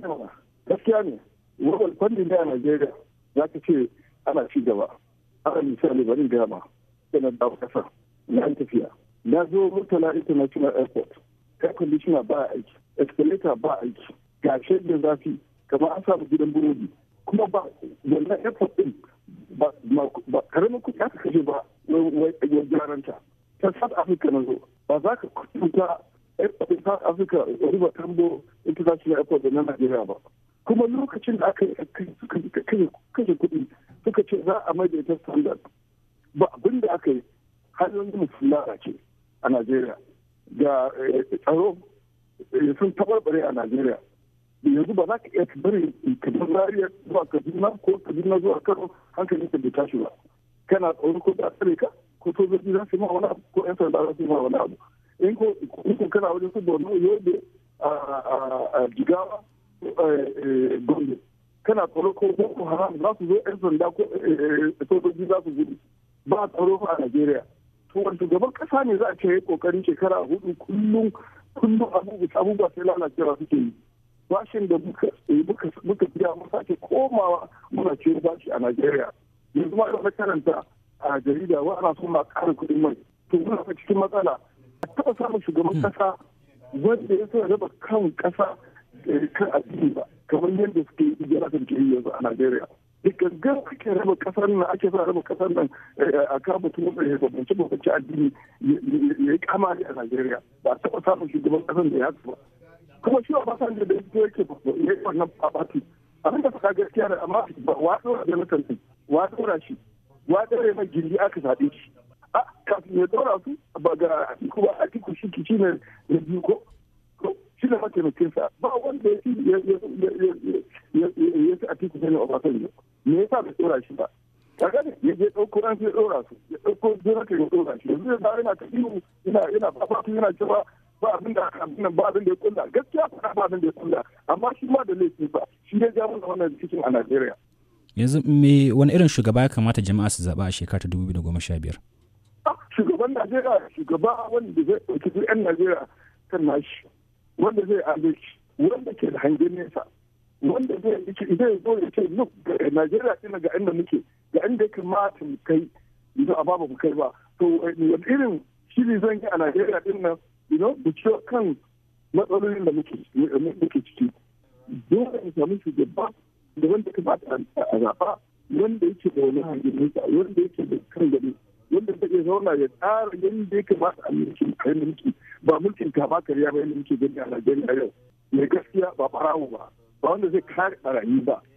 manoma gaskiya ne wawal fannin da a Najeriya za ta ce ana ci gaba ana misali bari gama yana dawo kasa na an tafiya na zo Murtala International Airport air conditioner ba aiki escalator ba aiki ga da zafi kamar an samu gidan burodi kuma ba wannan airport din ba karamin kuɗi aka kashe ba wajen jaranta ta South Africa na zo ba za ka kuɗi airport south africa riba tambo international airport na nigeria ba kuma lokacin da aka yi kashe kuɗi suka ce za a maida ita standard ba abin da aka yi hanyoyin sun ce a nigeria ga eh, tsaro eh, sun tabarbare a nigeria yanzu ba za ka iya bari kamar rariya zuwa kaduna ko kaduna zuwa kano hankali ka bai tashi ba kana tsoro ko da tsare ka ko sojoji za su ma wani abu ko yan sanda za su yi ma wani abu in ko kana wajen su borno yobe a jigawa e, gombe kana tsoro ko boko haram za su zo yan sanda ko e, e, sojoji za su gudu ba tsaro a najeriya to wanda gaban kasa ne za a ce ya shekara hudu kullum kullum abubuwa sai lalacewa suke yi bashin da muka biya mun sake komawa muna ciwo bashi a najeriya yanzu ma da karanta a jarida wa ana so ma kara kuɗin mai to muna cikin matsala a taɓa samun shugaban hmm. ƙasa wanda ya sa raba kan ƙasa eh, kan addini ba kamar yadda suke yi jira kan ke yanzu a Najeriya. Da gangan ake raba ƙasar nan ake sa raba ƙasar nan eh, a kan mutum da ya bambance bambance addini ya yi kamari a Najeriya ba a taɓa samun shugaban ƙasar da ya ba. Kuma shi ba san da ya ke ba ya yi wannan babatu. Abin da faɗa gaskiya da amma wa ɗora na ɗin wa ɗora shi wa ɗora mai gindi aka zaɓe shi. kafin ya dora su ba ga atiku ba atiku shi ki ne ya biyu ko shi ne mataimakinsa ba wanda ya ci ya ci atiku ne obasanjo me yasa bai dora shi ba kaga ne ya je ɗauko ɗan ya dora su ya ɗauko jonathan ya dora shi yanzu ya ba yana ta ihu yana yana fafatu yana cewa ba abin da aka abin ba abin da ya kulla gaskiya ba abin da ya kulla amma shi ma da laifi ba shi ne ya ja mana wannan cikin a Najeriya. Yanzu me wani irin shugaba ya kamata jama'a su zaba a shekara ta 2015? shugaban najeriya shugaba wanda zai ɗauki duk 'yan najeriya kan nashi wanda zai adalci wanda ke da hangen nesa wanda zai zai zo ya ce look najeriya ina ga inda muke ga inda ya kamata mu kai idan a babu mu kai ba to wani irin shiri zan yi a najeriya din nan know da cewa kan matsalolin da muke ciki dole mu samu shugaba da wanda kamata a zaɓa wanda yake da wani hangen nesa wanda yake da kan gani. zauna ya tsara yadda ya kamata a mulkin kai mulki ba mulkin kama karya ba yadda muke gani a Najeriya yau mai gaskiya ba barawo ba ba wanda zai kare barayi ba